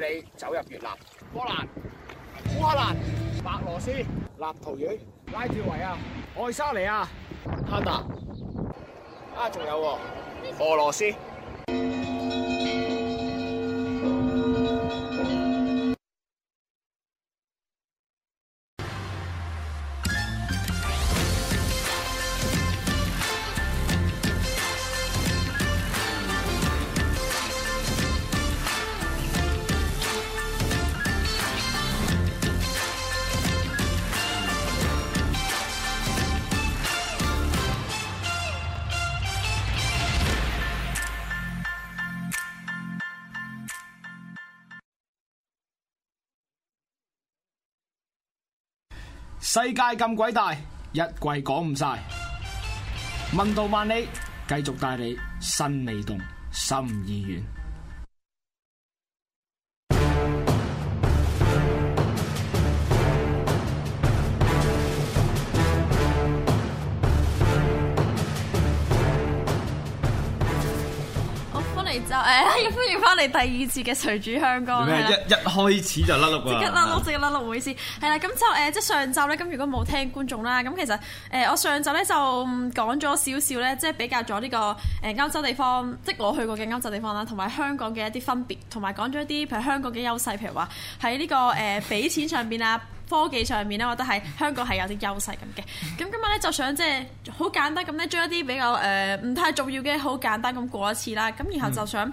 你走入越南、波蘭、烏克蘭、白羅斯、立陶宛、拉脫維亞、愛沙尼亞、卡達，啊，仲有喎，俄羅斯。世界咁鬼大，一季講唔晒，問道萬里，繼續帶你身未動，心已遠。翻嚟第二次嘅誰主香江，麼吧一一開始就甩笠即刻甩笠，即刻甩笠，唔好意思。係啦，咁就，後、呃、即係上集咧，咁如果冇聽觀眾啦，咁其實誒、呃，我上集咧就講咗少少咧，即係比較咗呢、這個誒、呃、歐洲地方，即係我去過嘅歐洲地方啦，同埋香港嘅一啲分別，同埋講咗一啲譬如香港嘅優勢，譬如話喺呢個誒俾、呃、錢上邊啊。 科技上面咧，我覺得係香港係有啲優勢咁嘅。咁今日咧就想即係好簡單咁咧，將一啲比較誒唔、呃、太重要嘅，好簡單咁過一次啦。咁然後就想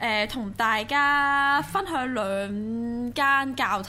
誒同、嗯呃、大家分享兩間教堂。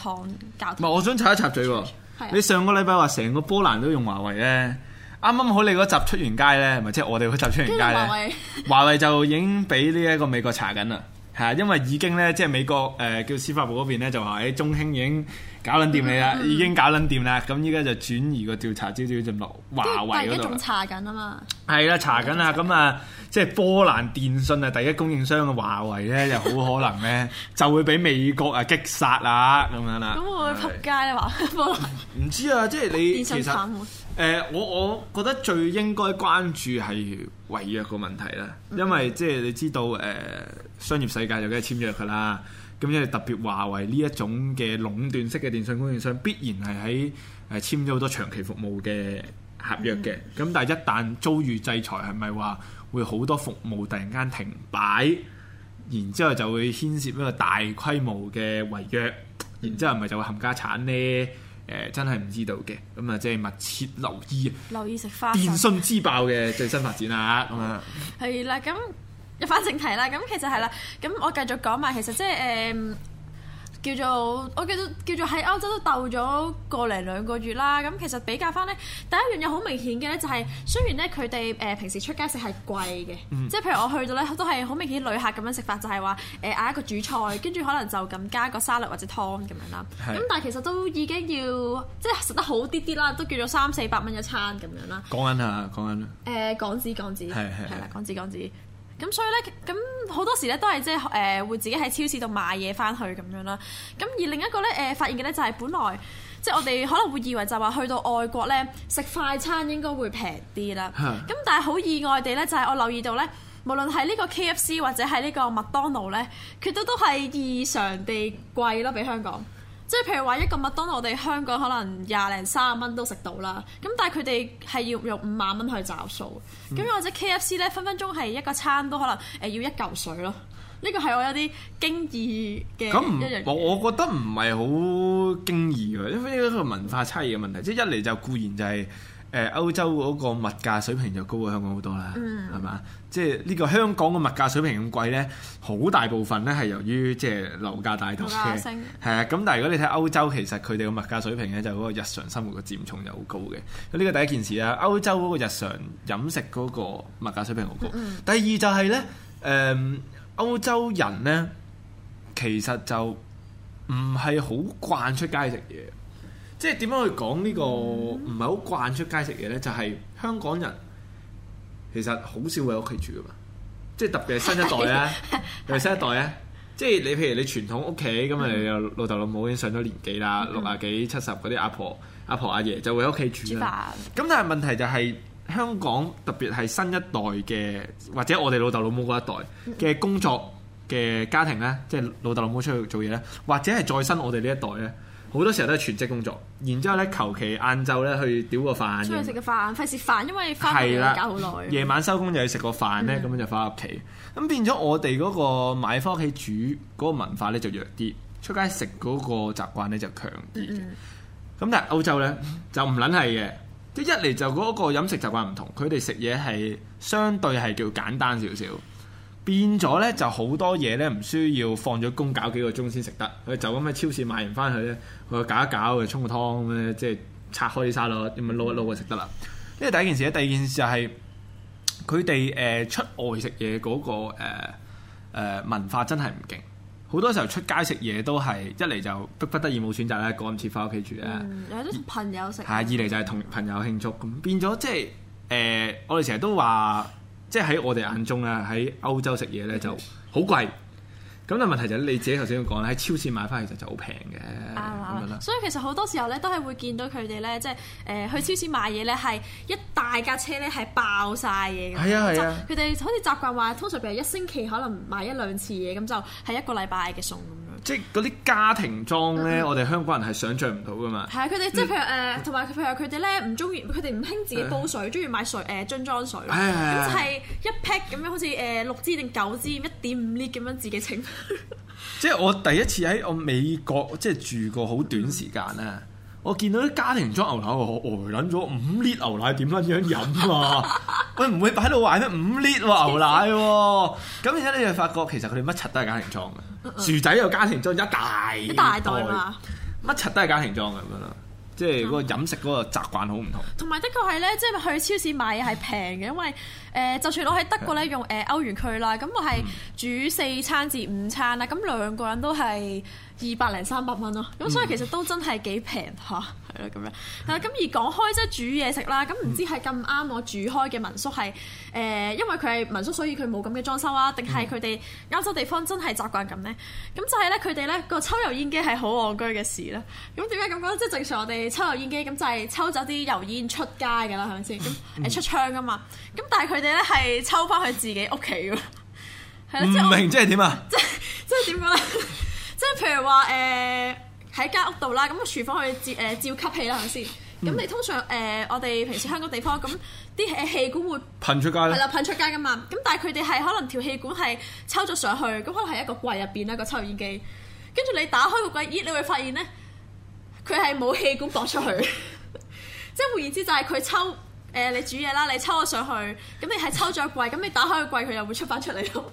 教堂唔係，我想插一插嘴喎。係。你上個禮拜話成個波蘭都用華為咧，啱啱好你嗰集出完街咧，咪即係我哋嗰集出完街咧。華為華為就已經俾呢一個美國查緊啦。係啊，因為已經咧，即係美國誒叫司法部嗰邊咧就話，誒中興已經搞撚掂你啦， 已經搞撚掂啦，咁依家就轉移個調查焦點就落華為，但係而家仲查緊啊嘛。係啦，查緊啦，咁啊，即係波蘭電信啊第一供應商嘅華為咧，就好可能咧就會俾美國啊擊殺啦，咁 樣啦。咁會撲街啊，華華為？唔知啊，即係你其實。誒、呃，我我覺得最應該關注係違約個問題啦，因為即係你知道誒、呃，商業世界就梗係簽約噶啦，咁因為特別華為呢一種嘅壟斷式嘅電信供應商，必然係喺誒簽咗好多長期服務嘅合約嘅，咁、嗯、但係一旦遭遇制裁，係咪話會好多服務突然間停擺，然之後就會牽涉一個大規模嘅違約，然之後係咪就會冚家鏟呢？誒，真係唔知道嘅，咁啊即係密切留意啊，留意食花生電訊之爆嘅最新發展啊，咁啊，係啦，咁入翻正題啦，咁其實係啦，咁我繼續講埋，其實即係誒。呃叫做我記得叫做喺歐洲都鬥咗個零兩個月啦，咁其實比較返咧，第一樣嘢好明顯嘅咧就係，雖然咧佢哋誒平時出街食係貴嘅，嗯、即係譬如我去到咧都係好明顯旅客咁樣食法，就係話誒嗌一個主菜，跟住可能就咁加個沙律或者湯咁樣啦。咁是但係其實都已經要即係食得好啲啲啦，都叫咗三四百蚊一餐咁樣啦。講緊啊，講緊誒港紙港紙係啦，港紙港紙。的咁所以咧，咁好多時咧都係即係誒會自己喺超市度買嘢返去咁樣啦。咁而另一個咧誒、呃、發現嘅咧就係，本來即係、就是、我哋可能會以為就話去到外國咧食快餐應該會平啲啦。咁 但係好意外地咧，就係、是、我留意到咧，無論係呢個 KFC 或者係呢個麥當勞咧，佢都都係異常地貴咯，比香港。即係譬如話一個麥當勞，我哋香港可能廿零三十蚊都食到啦。咁但係佢哋係要用五萬蚊去找數。咁、嗯、或者 KFC 咧，分分鐘係一個餐都可能誒要一嚿水咯。呢個係我有啲驚異嘅一樣嘢。咁、嗯、我我覺得唔係好驚異嘅，因為呢個文化差異嘅問題，即係一嚟就固然就係、是。誒歐洲嗰個物價水平就高過香港好多啦，係嘛、嗯？即係呢個香港嘅物價水平咁貴呢，好大部分呢係由於即係樓價帶動嘅，啊、嗯。咁、嗯、但係如果你睇歐洲，其實佢哋嘅物價水平呢，就嗰個日常生活嘅佔重就好高嘅。呢個第一件事啦，歐洲嗰個日常飲食嗰個物價水平好高。嗯嗯、第二就係、是、呢，誒、呃、歐洲人呢，其實就唔係好慣出街食嘢。即係點樣去講呢個唔係好慣出街食嘢呢？就係、是、香港人其實好少會喺屋企住噶嘛，即係特別係新一代咧，係咪 新一代咧？ 即係你譬如你傳統屋企咁啊， 你老豆老母已經上咗年紀啦，六啊幾七十嗰啲阿婆阿婆阿爺就會喺屋企住啦。咁發但係問題就係香港特別係新一代嘅，或者我哋老豆老母嗰一代嘅 工作嘅家庭呢，即係老豆老母出去做嘢呢，或者係再新我哋呢一代呢。好多時候都係全職工作，然之後咧求其晏晝咧去屌個飯。出去食個飯，費事煩，因為翻工要搞好耐。夜晚收工就要食個飯咧，咁、嗯、樣就翻屋企。咁變咗我哋嗰個買翻屋企煮嗰個文化咧就弱啲，出街習慣、嗯、食嗰個習慣咧就強啲嘅。咁但係歐洲咧就唔撚係嘅，即一嚟就嗰個飲食習慣唔同，佢哋食嘢係相對係叫簡單少少。變咗咧，就好多嘢咧，唔需要放咗工搞幾個鐘先食得。佢就咁喺超市買完翻去咧，佢搞一搞，佢沖個湯咁咧，即係拆開啲沙律，咁咪撈一撈就食得啦。呢個第一件事咧，第二件事就係佢哋誒出外食嘢嗰個誒、呃呃、文化真係唔勁。好多時候出街食嘢都係一嚟就逼不得已冇選擇咧，趕唔切翻屋企住咧。有啲、嗯、二朋友食。係二嚟就係同朋友慶祝咁。變咗即係誒、呃，我哋成日都話。即喺我哋眼中咧，喺歐洲食嘢咧就好貴。咁但問題就係你自己頭先講咧，喺超市買翻其實就好平嘅咁樣啦。所以其實好多時候咧，都係會見到佢哋咧，即係誒去超市買嘢咧，係一大架車咧係爆晒嘢嘅。係啊係啊，佢哋、啊、好似習慣話，通常譬如一星期可能買一兩次嘢，咁就係一個禮拜嘅餸。即係嗰啲家庭裝咧，嗯、我哋香港人係想象唔到噶嘛。係啊、嗯，佢哋即係佢誒，同埋佢譬如佢哋咧唔中意，佢哋唔興自己煲水，中意、哎、呀買水誒樽、呃、裝水，哎、呀就係一 pack 咁樣，好似誒六支定九支一點五 lit 咁樣自己清，嗯、 即係我第一次喺我美國即係住過好短時間啦。嗯我見到啲家庭裝牛奶，我呆撚咗五升牛奶點撚樣飲啊？喂， 唔會擺喺度壞咩？五升牛奶喎、啊？咁而且你就發覺其實佢哋乜柒都係家庭裝嘅，嗯嗯，薯仔又家庭裝一大袋，乜柒都係家庭裝嘅咁樣咯。即係嗰飲食嗰個習慣好唔同。同埋、嗯、的確係咧，即係去超市買嘢係平嘅，因為誒，就算我喺德國咧用誒歐元區啦，咁我係煮四餐至五餐啦，咁兩個人都係。二百零三百蚊咯，咁所以其實都真係幾平吓，係咯咁樣。啊，咁而講開即係煮嘢食啦，咁唔知係咁啱我煮開嘅民宿係誒、呃，因為佢係民宿，所以佢冇咁嘅裝修啊，定係佢哋歐洲地方真係習慣咁呢？咁就係咧，佢哋咧個抽油煙機係好戇居嘅事咧。咁點解咁講咧？即係正常我哋抽油煙機咁就係、是、抽走啲油煙出街㗎啦，係咪先？咁、嗯嗯嗯、出窗㗎嘛。咁但係佢哋咧係抽翻去自己屋企㗎。唔明、嗯、即係點啊？即係即係點講咧？即係譬如話誒喺間屋度啦，咁個廚房去照誒照吸氣啦，係咪先？咁你通常誒、呃、我哋平時香港地方咁啲氣管會噴出街咧，係啦噴出街噶嘛。咁但係佢哋係可能條氣管係抽咗上去，咁可能係一個櫃入邊啦個抽煙機。跟住你打開個櫃，咦你會發現咧，佢係冇氣管放出去。 即係換言之就，就係佢抽誒你煮嘢啦，你抽咗上去，咁你係抽咗櫃，咁你打開個櫃，佢又會出翻出嚟咯。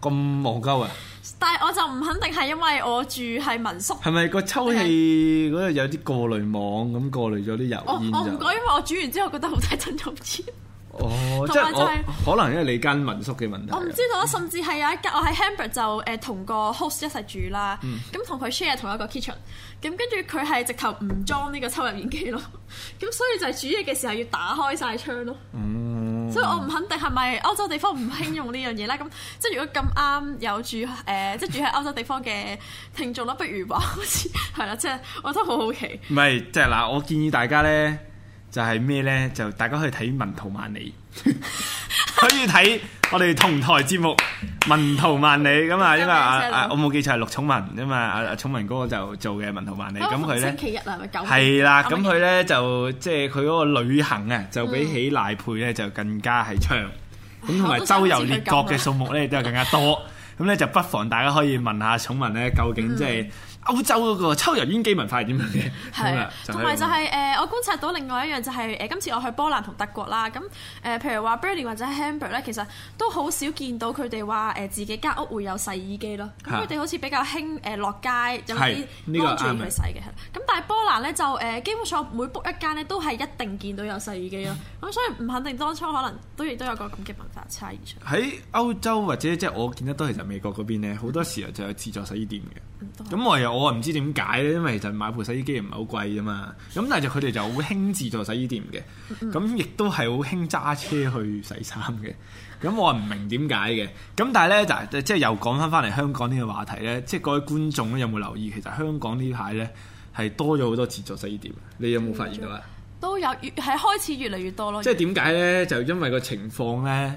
咁戇鳩啊！ 但係我就唔肯定，係因為我住喺民宿，係咪個抽氣嗰度是有啲過濾網咁過濾咗啲油煙、哦、我我唔講，因為我煮完之後覺得好睇，真係黐。哦，即係、就是、可能因為你間民宿嘅問題，我唔知道啊。甚至係有一間，我喺 Hamburg 就誒同、呃、個 host 一齊住啦。咁同佢 share 同一個 kitchen。咁跟住佢係直頭唔裝呢個抽入電器抽油煙機咯。咁所以就係煮嘢嘅時候要打開晒窗咯。嗯、所以我唔肯定係咪歐洲地方唔興用呢樣嘢啦。咁即係如果咁啱有住誒，即、呃、係住喺歐洲地方嘅聽眾啦，不如話好似係啦，即係 我都好好奇。唔係，即係嗱，我建議大家咧。就係咩呢？就大家可以睇《文途萬里》，可以睇我哋同台節目《文途萬里》咁啊，因為啊，我冇記錯係陸聰文因為，啊啊聰文哥就做嘅《文途萬里》。咁佢呢，星期日係咪九？係啦，咁佢呢就即係佢嗰個旅行啊，就比起賴佩呢就更加係長，咁同埋周遊列國嘅數目呢亦都係更加多，咁呢就不妨大家可以問下聰文呢究竟即係。歐洲嗰、那個抽油煙機文化係點樣嘅？係的，同埋 就係誒、就是呃，我觀察到另外一樣就係、是、誒、呃，今次我去波蘭同德國啦，咁、啊、誒，譬如話 Berlin 或者 Hamburg 咧，其實都好少見到佢哋話誒自己間屋會有洗衣機咯。咁佢哋好似比較興誒、呃、落街有啲幫住佢洗嘅。咁但係波蘭咧就誒、呃，基本上每 book 一間咧都係一定見到有洗衣機咯。咁 所以唔肯定當初可能都亦都有個咁嘅文化差異喺歐洲或者即係、就是、我見得多係就美國嗰邊咧，好多時候就有自助洗衣店嘅。咁、嗯嗯、我有。我唔知點解咧，因為就買部洗衣機唔係好貴啫嘛。咁但係佢哋就好興自助洗衣店嘅，咁亦都係好興揸車去洗衫嘅。咁我唔明點解嘅。咁但係呢，就即係又講翻翻嚟香港呢個話題呢，即係各位觀眾有冇留意其實香港呢排呢，係多咗好多自助洗衣店？你有冇發現到啊、嗯？都有越係開始越嚟越多咯。即係點解呢？就因為個情況呢，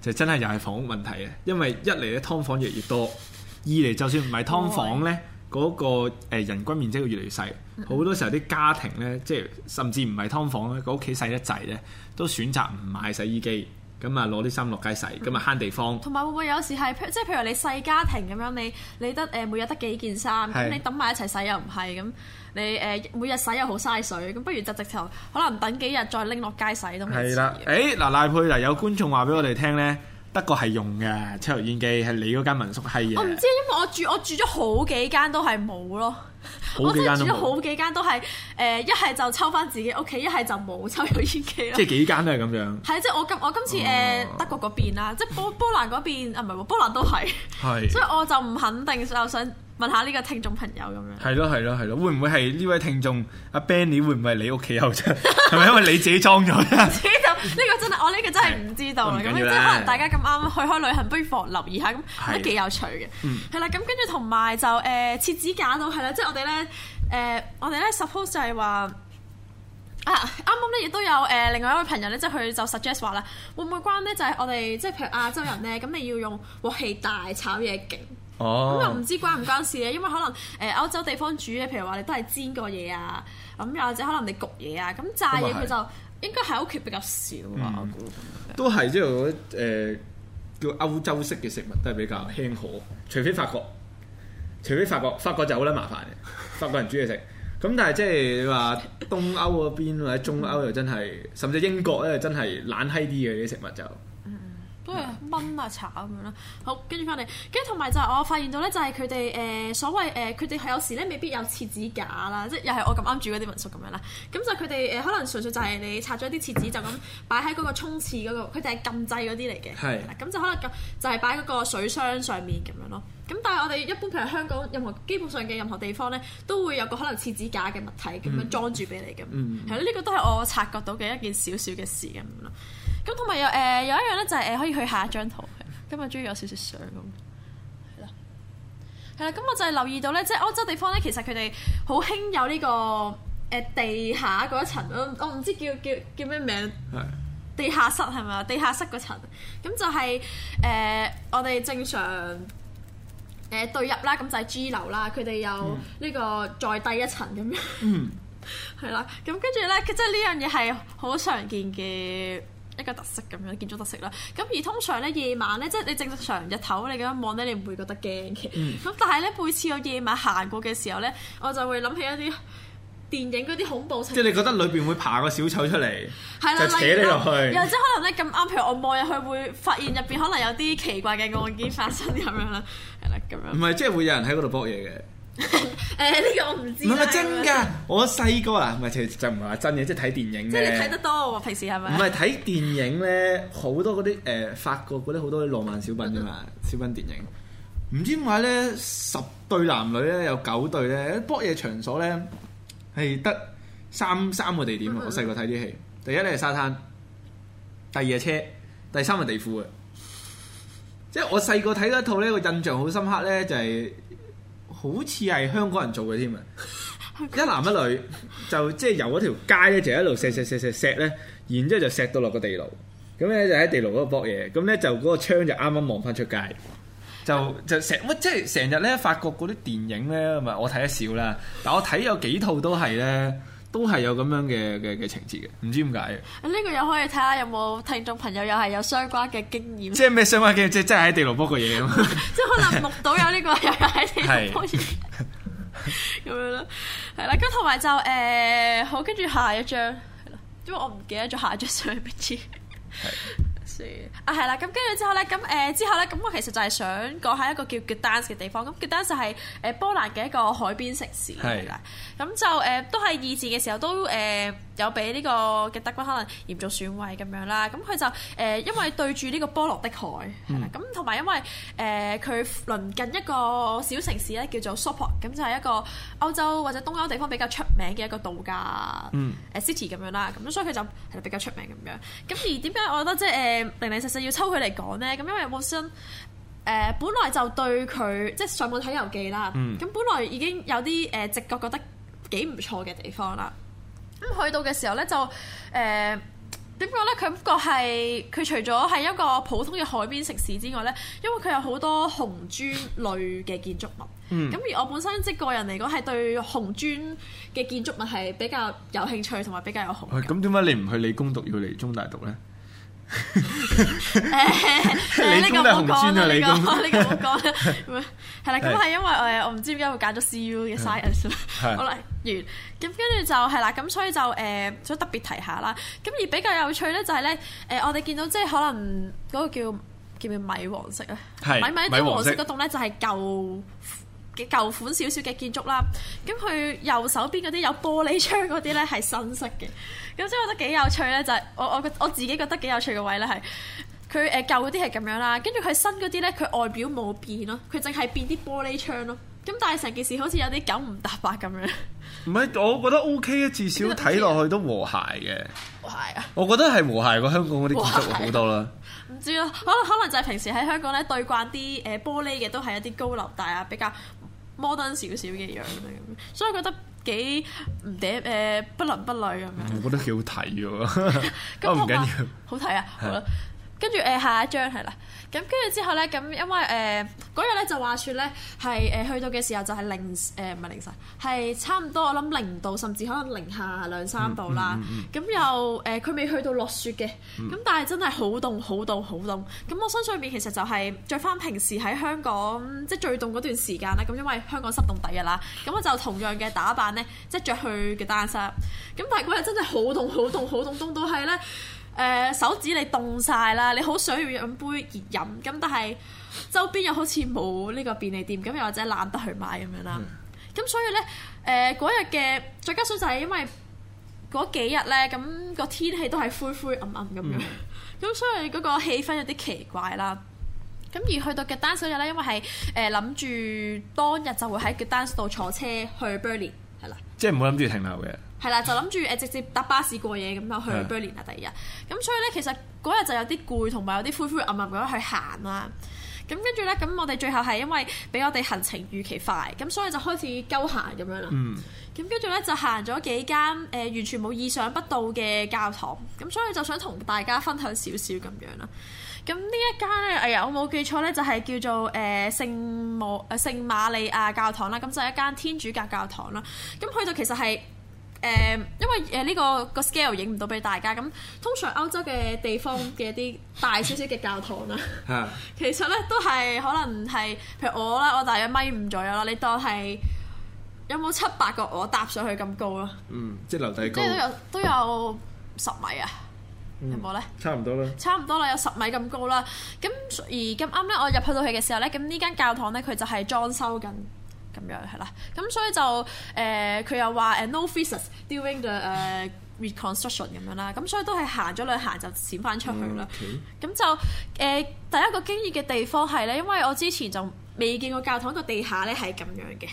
就真係又係房屋問題啊！因為一嚟咧劏房越嚟越多，二嚟就算唔係劏房惡呢。嗰個人均面積會越嚟越細，好多時候啲家庭咧，即係甚至唔係劏房咧，屋企細得滯咧，都選擇唔買洗衣機，咁啊攞啲衫落街洗，咁啊慳地方。同埋會唔會有時係即係譬如你細家庭咁樣，你你得誒每日得幾件衫的，你揼埋一齊洗又唔係咁，你誒每日洗又好嘥水，咁不如就直頭可能等幾日再拎落街洗都係。係啦，誒嗱，賴珮嗱，有觀眾話俾我哋聽咧。嗯嗯德國係用嘅抽油煙機，係你嗰間民宿係。我唔知，因為我住我住咗好幾間都係冇咯， 我真係住咗好幾間都係誒，一、呃、係就抽翻自己屋企，一係就冇抽油煙機咯。 即係幾間都係咁樣。係即係我今我，我今次誒、哦、德國嗰邊啦，即係波波蘭嗰邊啊，唔係波蘭都係係，所以我就唔肯定，我想問下呢個聽眾朋友咁樣。係咯，係咯，係咯，會唔會係呢位聽眾阿 Benny？會唔會係你屋企有啫？係咪因為你自己裝咗？呢 個真係，我呢個真係唔知道嘅。咁咧，即係可能大家咁啱去開旅行，不如防留意下，咁都幾有趣嘅。嗯，係啦。咁跟住同埋就誒、呃，切指甲都係啦。即係我哋咧，誒、呃，我哋咧 suppose 就係話啊，啱啱咧亦都有誒、呃，另外一位朋友咧，即係佢就 suggest 話啦，會唔會關咧？就係、是、我哋即係譬如亞洲人咧，咁你要用鑊氣大炒嘢勁哦。咁又唔知關唔關事咧？因為可能誒歐洲地方煮嘅，譬如話你都係煎過嘢啊，咁又或者可能你焗嘢啊，咁炸嘢佢就。應該喺屋企比較少啊，嗯、我估猜。都係即係嗰啲誒叫歐洲式嘅食物都係比較輕可，除非法國，除非法國，法國就好撚麻煩嘅， 法國人煮嘢食。咁但係即係話東歐嗰邊或者中歐又真係，嗯、甚至英國咧真係懶閪啲嘅啲食物就。跟住燜啊炒咁樣啦，好跟住翻嚟，跟住同埋就係我發現到咧，就係佢哋誒所謂誒，佢哋係有時咧未必有廁紙架啦，即係又係我咁啱住嗰啲民宿咁樣啦。咁就佢哋誒可能純粹就係你拆咗啲廁紙就咁擺喺嗰個沖廁嗰個，佢哋係禁制嗰啲嚟嘅。係是，咁就可能就係擺嗰個水箱上面咁樣咯。咁但係我哋一般譬如香港任何基本上嘅任何地方咧，都會有個可能廁紙架嘅物體咁樣裝住俾你咁。嗯。係咯，呢個都係我察覺到嘅一件小小嘅事咁樣咯。咁同埋又誒，有一樣咧就係、是、誒、呃，可以去下一張圖。今日終於有少少相咁，係啦，係啦。咁我就係留意到咧，即係歐洲地方咧，其實佢哋好興有呢、這個誒、呃、地下嗰一層。我唔知叫叫叫咩名，係的地下室係咪啊？地下室嗰層咁就係、是、誒、呃，我哋正常誒、呃、對入啦，咁就係 G 樓啦。佢哋有呢個再低一層咁樣，嗯，係 啦。咁跟住咧，即係呢樣嘢係好常見嘅。一個特色咁樣，建築特色啦，咁而通常咧夜晚咧，即係你正常日頭你咁樣望咧，你唔會覺得驚嘅。咁、嗯、但係咧，每次我夜晚行過嘅時候咧，我就會諗起一啲電影嗰啲恐怖，即係你覺得裏邊會爬個小丑出嚟。係啦， 扯你落去，又即係可能咧咁啱，譬如我望入去會發現入邊可能有啲奇怪嘅案件發生咁樣啦，係啦咁樣。唔係，即係會有人喺嗰度搏嘢嘅。誒呢 個我唔知。唔係真㗎，我細個啊，唔係其實就就唔係話真嘅，即係睇電影。即係你睇得多啊，平時係咪？唔係睇電影咧，好多嗰啲誒法國嗰啲好多浪漫小品㗎嘛，小品電影。唔知點解咧，十對男女咧有九對咧，播嘢場所咧係得三三個地點。 我細個睇啲戲，第一咧係沙灘，第二係車，第三係地庫啊。即係我細個睇嗰一套咧，我印象好深刻咧，就係、是。好似係香港人做嘅添啊！一男一女就即係由嗰條街咧，就一路錫錫錫錫錫咧，然之後就錫到落個地牢。咁咧就喺地牢嗰度搏嘢。咁咧就嗰個窗就啱啱望翻出街。就就成乜即係成日咧發覺嗰啲電影咧，咪我睇得少啦。但我睇有幾套都係咧。都係有咁樣嘅嘅嘅情節嘅，唔知點解啊！呢個又可以睇下有冇聽眾朋友又係有相關嘅經驗。 即係咩相關嘅？即即係喺地牢播嘅嘢啊！即可能木到有呢個 又喺地牢播嘢咁樣咯吧，係 啦。咁同埋就誒，好跟住下一張係啦，因為我唔記得咗下一張相邊先。啊，係啦，咁跟住之後咧，咁、呃、誒之後咧，咁我其實就係想講下一個叫 Good Dance 嘅地方。咁、嗯、Good Dance 係波蘭嘅一個海邊城市。係啦，咁就誒都係二戰嘅時候都誒有俾呢個嘅德軍可能嚴重損毀咁樣啦。咁、嗯、佢就誒、呃、因為對住呢個波羅的海，咁同埋因為誒佢、呃、鄰近一個小城市咧叫做 Sopot，咁、嗯、就係、是、一個歐洲或者東歐地方比較出名嘅一個度假誒、嗯呃、city 咁樣啦。咁所以佢就係比較出名咁樣。咁而點解我覺得即係誒？呃呃零零散散要抽佢嚟講咧，咁因為我本身誒、呃、本來就對佢即係上網睇遊記啦，咁、嗯、本來已經有啲誒直覺覺得幾唔錯嘅地方啦。咁去到嘅時候咧，就誒點講咧？佢感覺係佢除咗係一個普通嘅海邊城市之外咧，因為佢有好多紅磚類嘅建築物。咁、嗯、而我本身即係個人嚟講，係對紅磚嘅建築物係比較有興趣，同埋比較有好感。咁點解你唔去理工讀，要嚟中大讀咧？誒呢個唔好講啦，呢個呢個唔好講啦，係啦，咁 係因為誒的，我唔知點解會揀咗 C.U. 嘅 science 好啦，完，咁跟住就係啦，咁所以就誒，想特別提下啦，咁而比較有趣咧，就係咧，誒，我哋見到即係可能嗰個叫叫咩米黃色啊，米米米黃色嗰棟咧就係舊。舊款少少嘅建築啦，咁佢右手邊嗰啲有玻璃窗嗰啲咧係新式嘅，咁所以我覺得幾有趣咧，就係。就係我我我自己覺得幾有趣嘅位咧係佢誒舊嗰啲係咁樣啦，跟住佢新嗰啲咧佢外表冇變咯，佢淨係變啲玻璃窗咯。咁但係成件事好似有啲九唔搭八咁樣。唔係，我覺得 O K 啊，至少睇落去都和諧嘅。和諧啊！我覺得係和諧過香港嗰啲建築好多啦。唔知啊，可可能就係平時喺香港咧對慣啲誒玻璃嘅都係一啲高樓大廈比較。摩登少少嘅樣咁， 所以覺得幾唔嗲，不倫不類咁樣。我覺得幾不不覺得好睇喎，唔緊要，好睇啊！好啦。 好跟住誒下一張係啦，咁跟住之後呢，咁因為誒嗰日呢，呃、就話説呢係誒去到嘅時候就係零誒唔係凌晨，係差唔多我諗零度甚至可能零下兩三度啦。咁、嗯嗯嗯、又誒佢、呃、未去到落雪嘅，咁但係真係好凍好凍好凍！咁、嗯、我身上面其實就係着翻平時喺香港即係最凍嗰段時間啦。咁因為香港濕凍底嘅啦，咁我就同樣嘅打扮呢，即係著去嘅單衫。咁但係嗰日真係好凍好凍好凍，凍到係呢。誒、呃、手指你凍晒啦，你好想要飲杯熱飲，咁但係周邊又好似冇呢個便利店，咁又或者懶得去買咁樣啦。咁、嗯、所以咧，誒嗰日嘅再加上就係因為嗰幾日咧，咁個天氣都係灰灰暗暗咁樣，咁、嗯、所以嗰個氣氛有啲奇怪啦。咁而去到格但斯克日咧，因為係誒諗住當日就會喺格但斯克度坐車去 Berlin 係啦，即係唔好諗住停留嘅。係啦，就諗住誒直接搭巴士過夜咁，又去 Berlin 啦。第二日咁，的所以咧其實嗰日就有啲攰，同埋有啲灰灰暗暗咁去行啦、啊。咁跟住咧，咁我哋最後係因為比我哋行程預期快，咁所以就開始鳩行咁樣啦。咁跟住咧就行咗幾間誒、呃，完全冇意想不到嘅教堂。咁所以就想同大家分享少少咁樣啦。咁呢一間咧，哎呀，我冇記錯咧，就係、是、叫做誒、呃、聖莫誒聖瑪利亞教堂啦。咁就係一間天主教教堂啦。咁去到其實係。誒、嗯，因為誒、這、呢個、這個 scale 影唔到俾大家咁，通常歐洲嘅地方嘅啲大少少嘅教堂啦， 其實咧都係可能係譬如我啦，我大約米五左右啦，你當係有冇七八個我搭上去咁高咯？嗯，即係樓底高都有都有十米啊，嗯、有冇咧？差唔多啦，差唔多啦，有十米咁高啦。咁而咁啱咧，我入去到去嘅時候咧，咁呢間教堂咧，佢就係裝修緊。咁樣係啦，咁所以就誒佢、呃、又話誒 no fissures during the 誒、uh, reconstruction 咁樣啦，咁所以都係行咗兩行就閃翻出去啦。咁、嗯 okay? 就誒、呃、第一個驚異嘅地方係咧，因為我之前就未見過教堂個地下咧係咁樣嘅，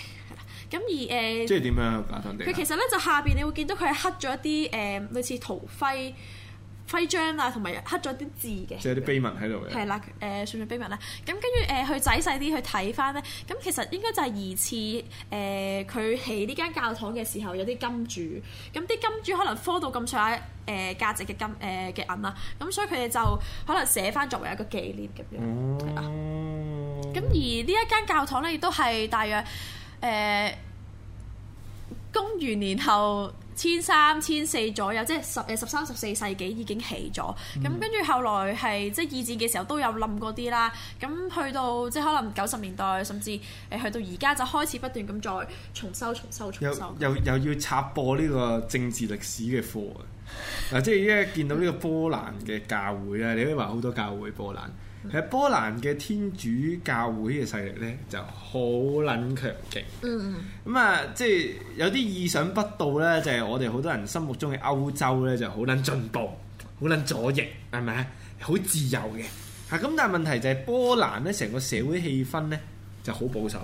咁而誒、呃、即係點樣教堂地？佢其實咧就下邊你會見到佢係黑咗一啲誒、呃、類似圖徽。徽章啦，同埋刻咗啲字嘅，即係啲碑文喺度嘅。係啦，誒算唔算碑文咧？咁跟住誒，佢、呃、仔細啲去睇翻咧，咁其實應該就係疑似誒佢、呃、起呢間教堂嘅時候有啲金主，咁啲金主可能科到咁上下誒價值嘅金誒嘅、呃、銀啦，咁所以佢哋就可能寫翻作為一個紀念咁樣，係啊、哦。咁而呢一間教堂咧，亦都係大約誒、呃，公元年後，千三、千四左右，即係十誒十三、十四世紀已經起咗，咁跟住後來係即係二戰嘅時候都有冧過啲啦，咁去到即係可能九十年代，甚至誒去到而家就開始不斷咁再重修、重修、重修，又又，又要插播呢個政治歷史嘅課啊！嗱，嗯、即係依家見到呢個波蘭嘅教會啊， 你可以話好多教會波蘭。其實波蘭嘅天主教會嘅勢力咧就好撚強勁，咁啊、嗯，即係有啲意想不到咧，就係我哋好多人心目中嘅歐洲咧就好撚進步、好撚左翼，係咪？好自由嘅。嚇！咁但係問題就係波蘭咧，成個社會氣氛咧就好保守，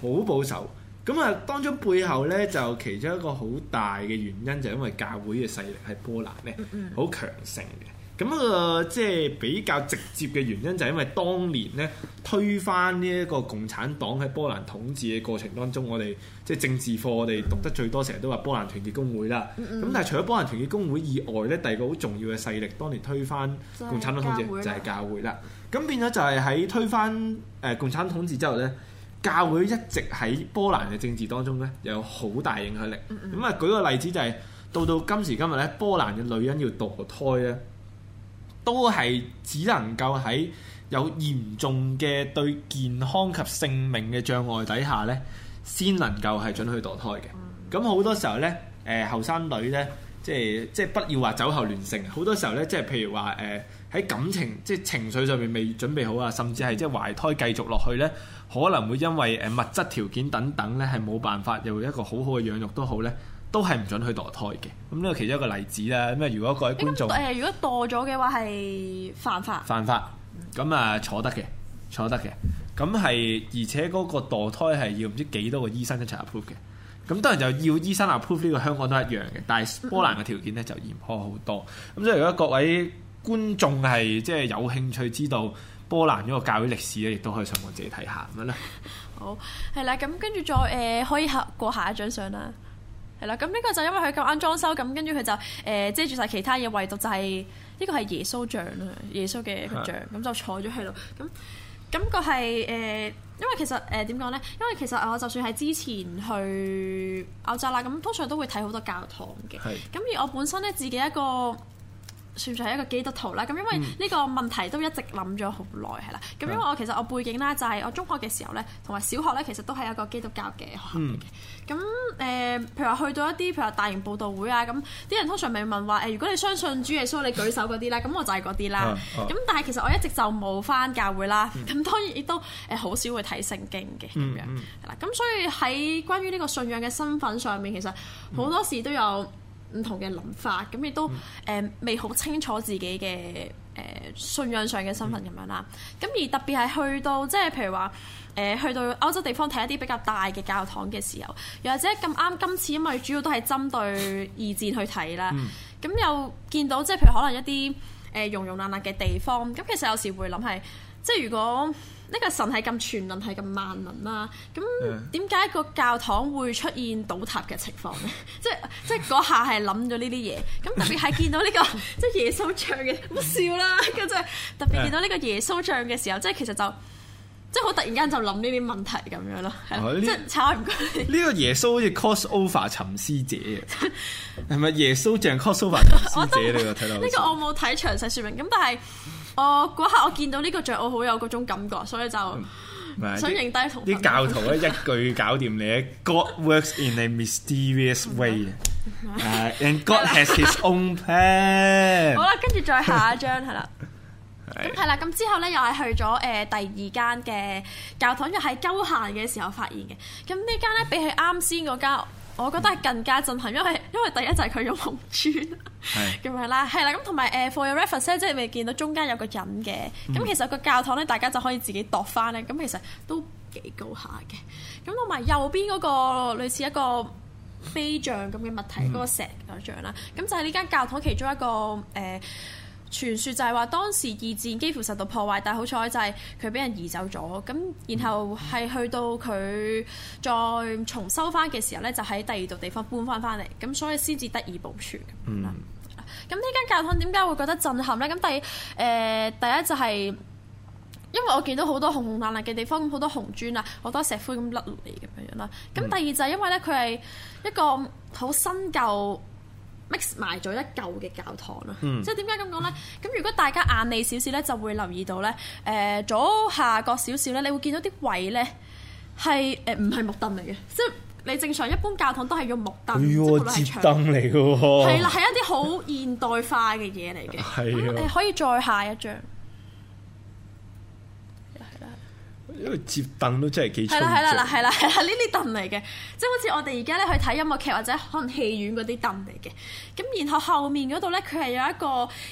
好保守。咁啊，當中背後咧就其中一個好大嘅原因就係因為教會嘅勢力喺波蘭咧好強盛嘅。嗯嗯。咁個即係比較直接嘅原因，就係因為當年咧推翻呢一個共產黨喺波蘭統治嘅過程當中，我哋即係政治課我哋讀得最多，成日都話波蘭團結工會啦。咁、嗯嗯、但係除咗波蘭團結工會以外咧，第二個好重要嘅勢力，當年推翻共產黨統治就係教會啦。咁變咗就係喺推翻誒共產黨統治之後咧，教會一直喺波蘭嘅政治當中咧有好大影響力。咁啊、嗯嗯，舉個例子就係、是、到到今時今日咧，波蘭嘅女人要墮胎咧，都係只能夠喺有嚴重嘅對健康及性命嘅障礙底下呢，先能夠係準許墮胎嘅。咁好多時候呢，誒後生女呢，即係即係不要話酒後亂性，好多時候呢，即係譬如話誒喺感情即係情緒上面未準備好啊，甚至係即係懷胎繼續落去呢，可能會因為誒物質條件等等呢，係冇辦法有一個好好嘅養育都好呢。都係唔准去墮胎嘅，咁呢個其中一個例子啦。咁啊，如果各位觀眾，誒、欸，如果墮咗嘅話係犯法。犯法，咁啊、嗯，坐得嘅，坐得嘅，咁係而且嗰個墮胎係要唔知幾多個醫生一齊 approve 嘅。咁當然就要醫生 approve 呢個香港都一樣嘅，但係波蘭嘅條件咧就嚴苛好多。咁、嗯、所以如果各位觀眾係即係有興趣知道波蘭嗰個教會歷史咧，亦都可以上網自己睇下咁樣啦。好，係、呃、啦，咁跟住再誒可以下過下一張相啦。係啦，咁呢個就因為佢咁啱裝修，咁跟住佢就誒遮住晒其他嘢，唯獨就係呢個係耶穌像啦，耶穌嘅像，咁就坐咗喺度。咁咁個係誒，因為其實誒點講咧？因為其實我就算係之前去歐洲啦，咁通常都會睇好多教堂嘅。咁是的 而我本身咧自己一個。算唔算係一個基督徒啦，咁因為呢個問題都一直諗咗好耐係啦。咁、嗯、因為我其實我背景啦，就係我中學嘅時候咧，同埋小學咧，其實都係一個基督教嘅學校嚟嘅。咁誒、嗯嗯、譬如話去到一啲譬如話大型佈道會啊，咁啲人通常咪問話誒，如果你相信主耶穌， 你舉手嗰啲咧，咁我就係嗰啲啦。咁、啊啊、但係其實我一直就冇返教會啦，咁、嗯、當然亦都誒好少會睇聖經嘅咁、嗯嗯、樣係啦。咁所以喺關於呢個信仰嘅身份上面，其實好多時都有唔同嘅諗法，咁亦都誒未好清楚自己嘅誒信仰上嘅身份咁樣啦。咁、嗯、而特別係去到即係譬如話誒去到歐洲地方睇一啲比較大嘅教堂嘅時候，又或者咁啱今次因為主要都係針對二戰去睇啦，咁、嗯、又見到即係譬如可能一啲誒融融爛爛嘅地方，咁其實有時會諗係即係如果，呢個神係咁全能係咁萬能啦、啊，咁點解個教堂會出現倒塌嘅情況咧？ 即係即係嗰下係諗咗呢啲嘢，咁特別係見到呢、這個即係 耶穌像嘅，好笑啦！跟真係特別見到呢個耶穌像嘅時候，即係其實就即係好突然間就諗呢啲問題咁樣咯。哦、即係差唔多呢個耶穌好似 cross over 沉思者，係咪 耶穌像 cross over 沉思者呢個睇到？呢 個我冇睇詳細説明，咁但係。我嗰刻我見到呢個像我好有嗰種感覺，所以就想認低同啲教徒咧一句搞掂你 ，God works in a mysterious way，and uh, God has his own plan。 好啦，跟住再下一張係 啦，咁係 啦，咁之後咧又係去咗誒、呃、第二間嘅教堂，又係休閒嘅時候發現嘅。咁呢間咧比起啱先嗰間，我覺得係更加震撼，因為因為第一就係佢用紅磚咁樣啦，係啦，咁同埋誒 for reference 咧，即係你見到中間有個隱嘅，咁、嗯、其實個教堂咧，大家就可以自己度返咧，咁其實都幾高下嘅，咁同埋右邊嗰個類似一個飛像咁嘅物體，嗰、嗯、個石像啦，咁就係呢間教堂其中一個誒。呃傳説就係話當時二戰幾乎受到破壞，但係好彩就係佢俾人移走咗，咁然後係去到佢再重修翻嘅時候咧，就喺第二度地方搬翻翻嚟，咁所以先至得以保存。嗯，咁呢間教堂點解會覺得震撼呢？咁第誒、呃、第一就係因為我見到好多紅紅爛爛嘅地方，好多紅磚啊，好多石灰咁甩落嚟咁樣樣啦。咁第二就係因為咧，佢係一個好新舊 mix 埋咗一舊嘅教堂咯，即係點解咁講咧？咁如果大家眼利少少咧，就會留意到咧，誒、呃、左下角少少咧，你會見到啲位咧係誒唔係木凳嚟嘅。即係你正常一般教堂都係用木凳，凳嚟嘅喎，係啦，係一啲好現代化嘅嘢嚟嘅，係你 的、嗯、可以再下一張。因為接凳都真係幾出名嘅。係啦，嗱，係啦，係啦，呢啲凳嚟嘅，即係好似我哋而家咧去睇音樂劇或者可能戲院嗰啲凳嚟嘅。咁然後後面嗰度咧，佢係有一個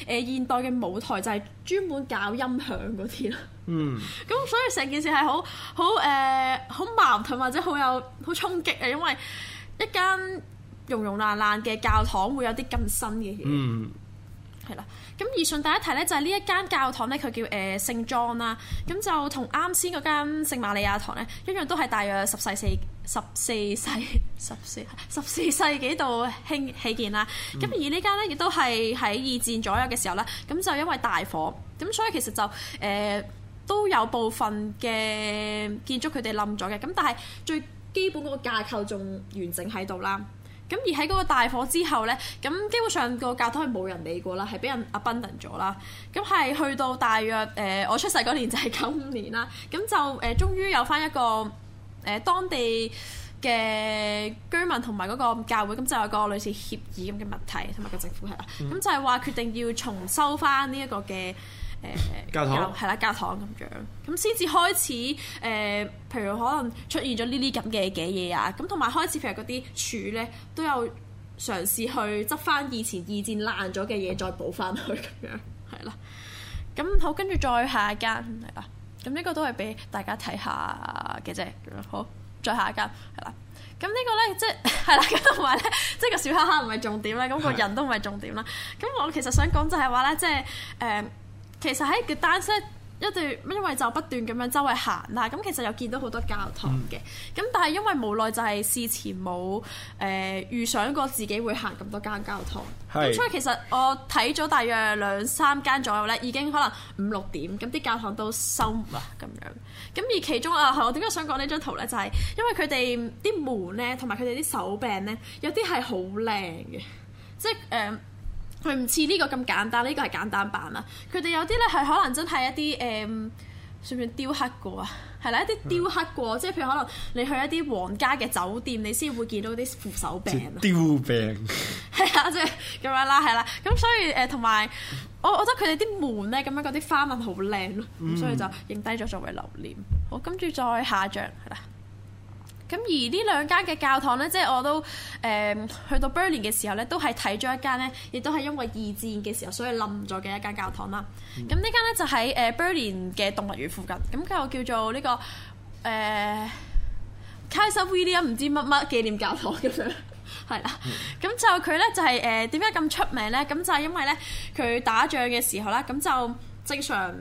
誒現代嘅舞台，就係專門搞音響嗰啲咯。嗯。咁所以成件事係好好誒好矛盾或者好有好衝擊啊，因為一間融融爛爛嘅教堂會有啲咁新嘅嘢。嗯。啦，咁順帶一提咧就係、是、呢一間教堂咧，佢叫誒、呃、聖莊啦，咁就同啱先嗰間聖瑪利亞堂咧一樣，都係大約十世四十四世十四十四世紀度興起建啦。咁、嗯、而呢間咧亦都係喺二戰左右嘅時候啦，咁就因為大火，咁所以其實就誒、呃、都有部分嘅建築佢哋冧咗嘅，咁但係最基本嗰個架構仲完整喺度啦。咁而喺嗰個大火之後呢，咁基本上個教堂係冇人理過啦，係俾人 abandon 咗啦。咁係去到大約誒、呃、我出世嗰年就係九五年啦。咁就誒、呃、終於有翻一個誒、呃、當地嘅居民同埋嗰個教會，咁就有一個類似協議咁嘅物體同埋個政府係啦。咁就係話決定要重修翻呢一個嘅。誒、呃、教堂係啦，教堂咁樣，咁先至開始誒、呃，譬如可能出現咗呢啲咁嘅嘅嘢啊，咁同埋開始譬如嗰啲柱咧，都有嘗試去執翻以前二戰爛咗嘅嘢，再補翻去咁樣，係啦。咁好，跟住再下一間係啦，咁呢個都係俾大家睇下嘅啫。好，再下一間係啦，咁呢個咧即係係啦，咁同埋咧，即係個小哈哈唔係重點啦，咁、那個人都唔係重點啦。咁對我其實想講就係話咧，即係誒。呃其實喺嘅單身一對，因為就不斷咁樣周圍行啦。咁其實又見到好多教堂嘅。咁、嗯、但係因為無奈就係事前冇誒預想過自己會行咁多間教堂。咁是 所以其實我睇咗大約兩三間左右咧，已經可能五六點咁啲教堂都收啦咁樣。咁而其中啊，我點解想講呢張圖咧，就係、是、因為佢哋啲門咧，同埋佢哋啲手柄咧，有啲係好靚嘅，即係誒。呃佢唔似呢個咁簡單，呢個係簡單版啦。佢哋有啲咧係可能真係一啲誒、嗯，算唔算雕刻過啊？係啦，一啲雕刻過，嗯、即係譬如可能你去一啲皇家嘅酒店，你先會見到啲扶手柄啊。雕柄係啊，即係咁樣啦，係啦。咁所以誒，同埋我我覺得佢哋啲門咧咁樣嗰啲花紋好靚咯，所以就影低咗作為留念。好，跟住再下一張係啦。咁而呢兩間嘅教堂呢，即、就、係、是、我都誒、呃、去到 Berlin 嘅時候呢，都係睇咗一間呢，亦都係因為二戰嘅時候所以冧咗嘅一間教堂啦。咁呢、嗯、間呢，就喺、是、誒 Berlin 嘅動物園附近，咁佢又叫做呢、這個誒、呃、Kaiser 威廉唔知乜乜紀念教堂咁樣，係 啦了。咁、嗯、就佢呢，就係誒點解咁出名呢？咁就係因為呢，佢打仗嘅時候啦，咁就正常。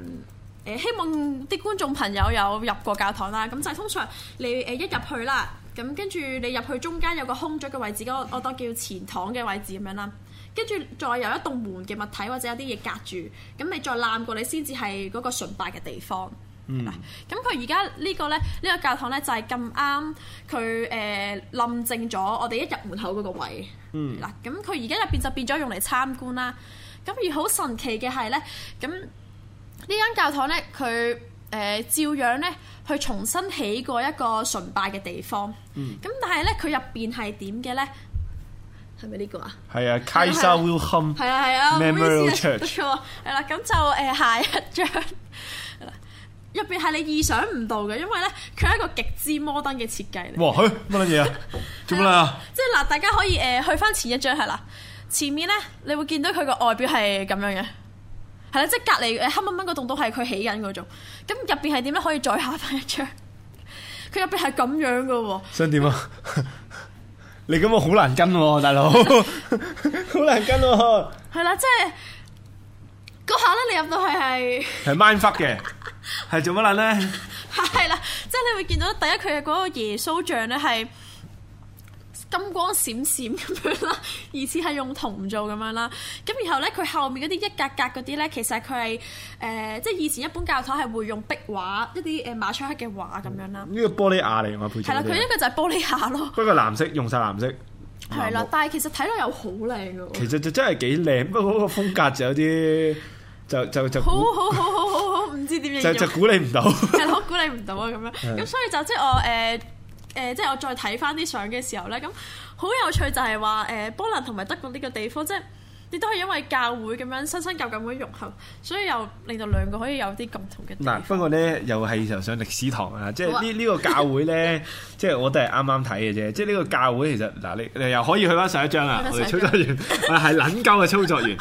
希望啲觀眾朋友有入過教堂啦，咁就係通常你誒一入去啦，咁跟住你入去中間有個空咗嘅位置，嗰我當叫前堂嘅位置咁樣啦，跟住再由一棟門嘅物體或者有啲嘢隔住，咁你再攬過你先至係嗰個崇拜嘅地方，係啦、嗯。咁佢而家呢個咧，呢、呢個教堂咧就係咁啱佢誒冧正咗，我哋一入門口嗰個位，嗯，嗱，咁佢而家入邊就變咗用嚟參觀啦。咁而好神奇嘅係咧，咁。呢間教堂咧，佢誒、呃、照樣咧去重新起過一個崇拜嘅地方。咁、嗯、但係咧，佢入邊係點嘅咧？係咪呢個、嗯、啊？係啊，Kaiser Wilhelm Memorial Church。係啦，咁、啊、就誒、呃、下一張。入邊係你意想唔到嘅，因為咧佢係一個極之摩登嘅設計嚟。哇！去乜嘢啊？做乜 啊？即係嗱， 大家可以誒去翻前一張，係啦。前面咧，你會見到佢個外表係咁樣嘅。係啦，即係隔籬誒，黑掹掹嗰棟都係佢起緊嗰種，咁入邊係點咧？可以再下翻一張。佢入邊係咁樣噶喎。想點啊？啊 你今日好難跟喎、啊，大佬，好 難跟喎、啊。係啦，即係嗰下咧，你入到去係係 mindfuck 嘅，係做乜捻咧？係啦，即係你會見到第一佢嘅嗰個耶穌像咧係。金光閃閃咁樣啦，疑似係用銅做咁樣啦。咁然後咧，佢後面嗰啲一格格嗰啲咧，其實佢係誒，即係以前一般教堂係會用壁畫一啲誒馬賽克嘅畫咁樣啦。呢個、嗯、玻璃瓦嚟，我配。係啦，佢一個就係玻璃瓦咯。不過藍色用晒藍色。係啦，但係其實睇落又好靚嘅。其實就真係幾靚，不過個風格就有啲就就就好好好好好好，唔 知點樣 就就估你唔 到，係咯，估你唔到啊咁樣咁，所以就即係我誒。呃誒、呃，即係我再睇翻啲相嘅時候咧，咁、嗯、好有趣就係話，誒、呃、波蘭同埋德國呢個地方，即係亦都係因為教會咁樣新新舊舊咁融合，所以又令到兩個可以有啲共同嘅地方。嗱、啊，不過咧又係又上歷史堂啊！即係呢呢個教會咧， 即係我都係啱啱睇嘅啫。即係呢個教會其實嗱，你你又可以去翻上一張啊，我哋操作員係撚鳩嘅操作員。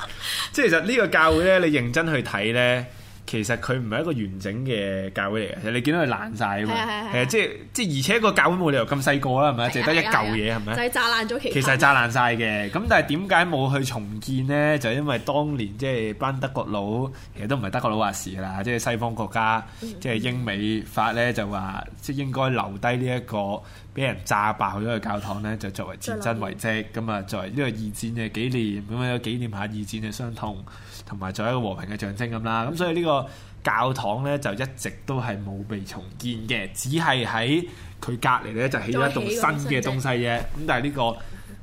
即係其實呢個教會咧，你認真去睇咧。其實佢唔係一個完整嘅教會嚟嘅，其實你見到佢爛晒啊嘛，誒的的即係即係，而且個教會冇理由咁細個啦，係咪？淨得的一嚿嘢係咪？就係、是、炸爛咗其，其實，其實炸爛晒嘅。咁的但係點解冇去重建呢？就因為當年即係班德國佬，其實都唔係德國佬話事啦，即係西方國家，嗯、即係英美法咧就話，即係應該留低呢一個俾人炸爆咗嘅教堂咧，就作為戰爭遺跡，咁啊，作為呢個二戰嘅紀念，咁有紀念下二戰嘅傷痛。同埋做一個和平嘅象徵咁啦，咁所以呢個教堂呢，就一直都係冇被重建嘅，只係喺佢隔離呢，就起咗棟新嘅東西嘅，咁但係呢個，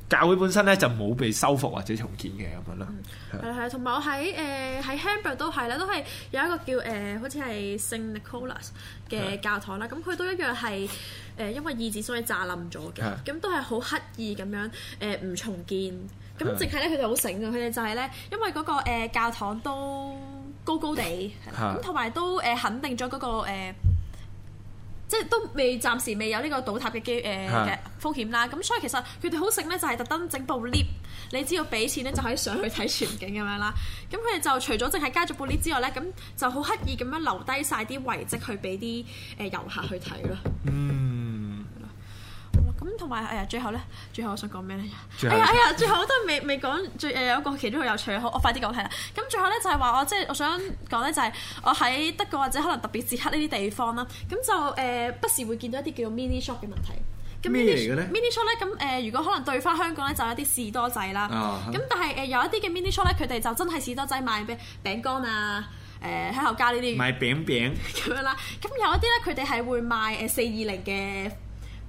教會本身咧就冇被修復或者重建嘅咁樣咯，係係，同埋我喺誒喺 Hamburg 都係啦，都係有一個叫誒好似係 St Nicholas 嘅教堂啦，咁佢都一樣係誒因為意志所以炸冧咗嘅。咁都係好刻意咁樣誒唔重建，咁淨係咧佢哋好醒啊，佢哋就係咧因為嗰個誒教堂都高高地，咁同埋都誒肯定咗嗰個誒。即係都未暫時未有呢個倒塌嘅機誒嘅、呃、風險啦，咁是的 所以其實佢哋好醒咧就係特登整部 lift，你只要俾錢咧就可以上去睇全景咁樣啦。咁佢哋就除咗淨係加咗部 lift 之外咧，咁就好刻意咁樣留低晒啲遺跡去俾啲誒遊客去睇咯。嗯。同埋哎最後咧，最後我想講咩咧？哎呀哎呀，最後我都未未講，最誒有一個其中好有趣，好，我快啲講睇啦。咁最後咧就係話我即係我想講咧就係我喺德國或者可能特別捷克呢啲地方啦。咁就誒不時會見到一啲叫 mini shop 嘅問題。咁 mini shop 咧咁誒，如果可能對翻香港咧，就有一啲士多仔啦。哦。咁但係誒有一啲嘅 mini shop 咧，佢哋就真係士多仔賣咩餅乾啊？誒喺後加呢啲賣餅餅咁樣啦。咁有一啲咧，佢哋係會賣誒四二零嘅、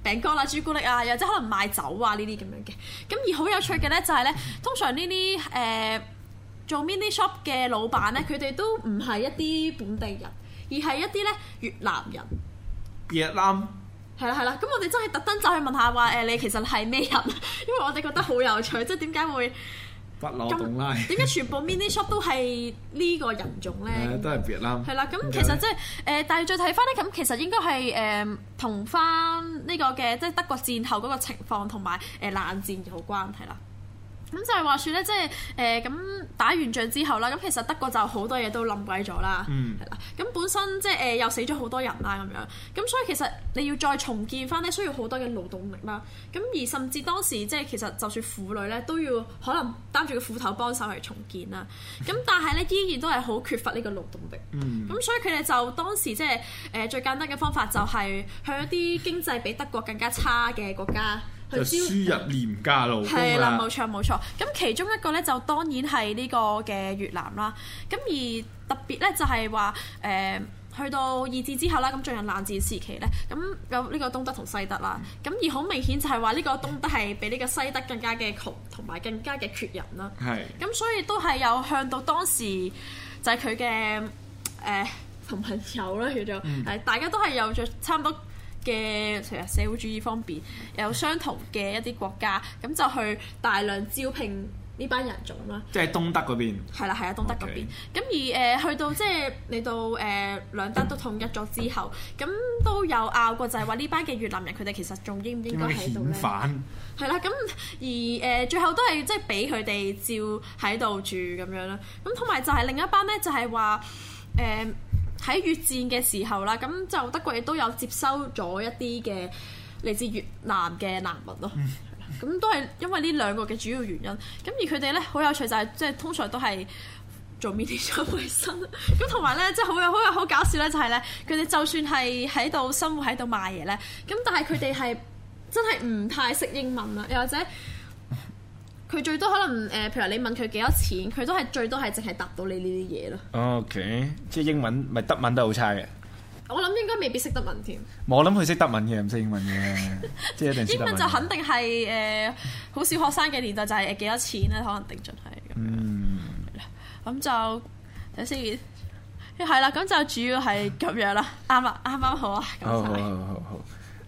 餅乾啦、啊、朱古力啊，又或者可能賣酒啊呢啲咁樣嘅。咁而好有趣嘅咧，就係、是、咧，通常呢啲誒做 mini shop 嘅老闆咧，佢哋都唔係一啲本地人，而係一啲咧越南人。越南係啦係啦，咁我哋真係特登走去問下話誒、呃，你其實係咩人？因為我哋覺得好有趣，即係點解會不老動拉？點解全部 mini shop 都係呢個人種咧、啊？都係越南係啦。咁其實即係誒，但係再睇翻咧，咁其實應該係誒同翻。呃呢個嘅即係德國戰後嗰個情況同埋誒冷戰就好關係啦。咁就係話説咧，即係誒咁打完仗之後啦，咁其實德國就好多嘢都冧鬼咗啦，係啦、嗯。咁本身即係誒、呃、又死咗好多人啦，咁樣。咁所以其實你要再重建翻咧，需要好多嘅勞動力啦。咁而甚至當時即係其實就算婦女咧，都要可能擔住個斧頭幫手嚟重建啦。咁但係咧，依然都係好缺乏呢個勞動力。咁、嗯、所以佢哋就當時即係誒、呃、最簡單嘅方法就係、是、向一啲經濟比德國更加差嘅國家，就輸入廉價勞工啦。係啦，冇錯冇錯。咁其中一個咧，就當然係呢個嘅越南啦。咁而特別咧，就係話誒，去到二戰之後啦，咁進入冷戰時期咧，咁有呢個東德同西德啦。咁而好明顯就係話呢個東德係比呢個西德更加嘅窮，同埋更加嘅缺人啦。係是。咁所以都係有向到當時就係佢嘅誒同朋友啦叫做，係、嗯、大家都係有着差唔多。嘅其實社會主義方面有相同嘅一啲國家，咁就去大量招聘呢班人種啦。即係東德嗰邊。係啦，係啊，東德嗰邊。咁 Okay. 而誒、呃、去到即係嚟到誒、呃、兩德都統一咗之後，咁、嗯、都有拗過就係話呢班嘅越南人佢哋其實仲應唔應該喺度咧？反，係啦，咁而誒、呃、最後都係即係俾佢哋照喺度住咁樣啦。咁同埋就係另一班咧，就係話誒。就係喺越戰嘅時候啦，咁就德國亦都有接收咗一啲嘅嚟自越南嘅難民咯。咁都係因為呢兩個嘅主要原因。咁而佢哋咧，好有趣就係，即係通常都係做 mini 裝維生。咁同埋咧，即係好有好有好搞笑咧，就係咧，佢哋就算係喺度生活喺度賣嘢咧，咁但係佢哋係真係唔太識英文啊，又或者。佢最多可能誒、呃，譬如你問佢幾多錢，佢都係最多係淨係答到你呢啲嘢咯。OK，即係英文咪德文都好差嘅。我諗應該未必識德文添。我諗佢識德文嘅，唔識英文嘅。 即係英文就肯定係誒，好、呃、少學生嘅年代就係誒幾多錢啦，可能定盡係咁樣。嗯。咁就睇先。係啦，咁就主要係咁樣啦。啱啦，啱啱好啊。好。剛剛好。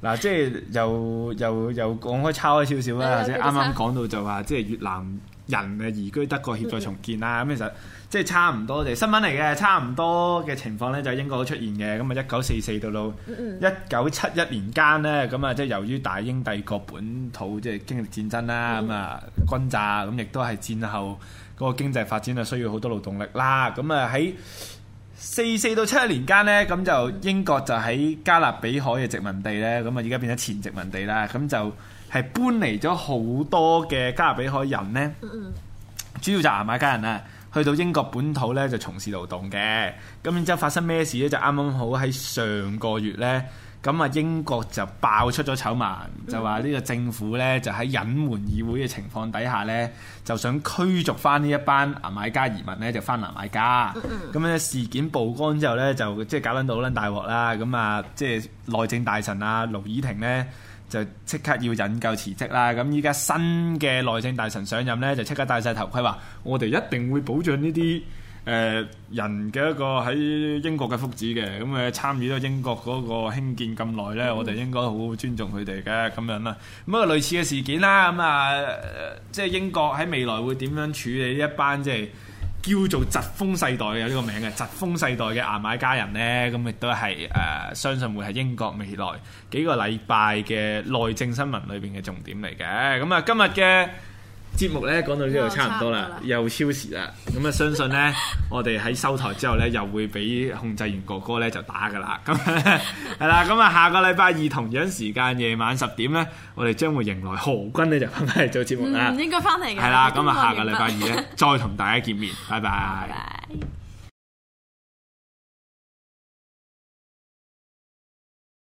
嗱、啊，即係又又又講開抄開少少啦，或者啱啱講到就話，即係越南人嘅移居德國協助重建啦。咁、嗯嗯、其實即係差唔多，就係新聞嚟嘅，差唔多嘅情況咧就喺英國都出現嘅。咁啊，一九四四到到一九七一年間呢，咁啊即係由於大英帝國本土即係經歷戰爭啦，咁啊、嗯嗯、轟炸，咁亦都係戰後嗰個經濟發展啊需要好多勞動力啦。咁啊喺～四四到七一年間呢，咁就英國就喺加勒比海嘅殖民地呢。咁啊而家變咗前殖民地啦，咁就係搬嚟咗好多嘅加勒比海人呢，嗯嗯，主要就牙買加人啦，去到英國本土呢，就從事勞動嘅，咁然之後發生咩事呢？就啱啱好喺上個月呢。咁啊英國就爆出咗醜聞，就話呢個政府咧就喺隱瞞議會嘅情況底下咧，就想驅逐翻呢一班牙買加移民咧就翻南牙買加。咁咧 事件曝光之後咧，就即係搞到好撚大鑊啦。咁啊即係內政大臣啊盧爾廷咧就即刻要引咎辭職啦。咁依家新嘅內政大臣上任咧就即刻戴晒頭盔話：我哋一定會保障呢啲。誒、呃、人嘅一個喺英國嘅福祉嘅，咁、嗯、誒參與咗英國嗰個興建咁耐呢，嗯、我哋應該好尊重佢哋嘅咁樣啦。咁一個類似嘅事件啦，咁、嗯、啊、呃，即係英國喺未來會點樣處理一班即係叫做疾風世代嘅呢個名嘅疾風世代嘅牙買加人呢？咁、嗯、亦都係誒、呃、相信會係英國未來幾個禮拜嘅內政新聞裏邊嘅重點嚟嘅。咁、嗯、啊，今日嘅。節目咧講到呢度差唔多啦，多又超時啦。咁啊，相信咧， 我哋喺收台之後咧，又會俾控制員哥哥咧就打噶 啦。咁係啦，咁啊，下個禮拜二同樣時間夜晚十點咧，我哋將會迎來何君咧 就翻嚟做節目、嗯、 啦。唔應該翻嚟嘅。係啦，咁啊，下個禮拜二咧 再同大家見面，拜拜。Bye bye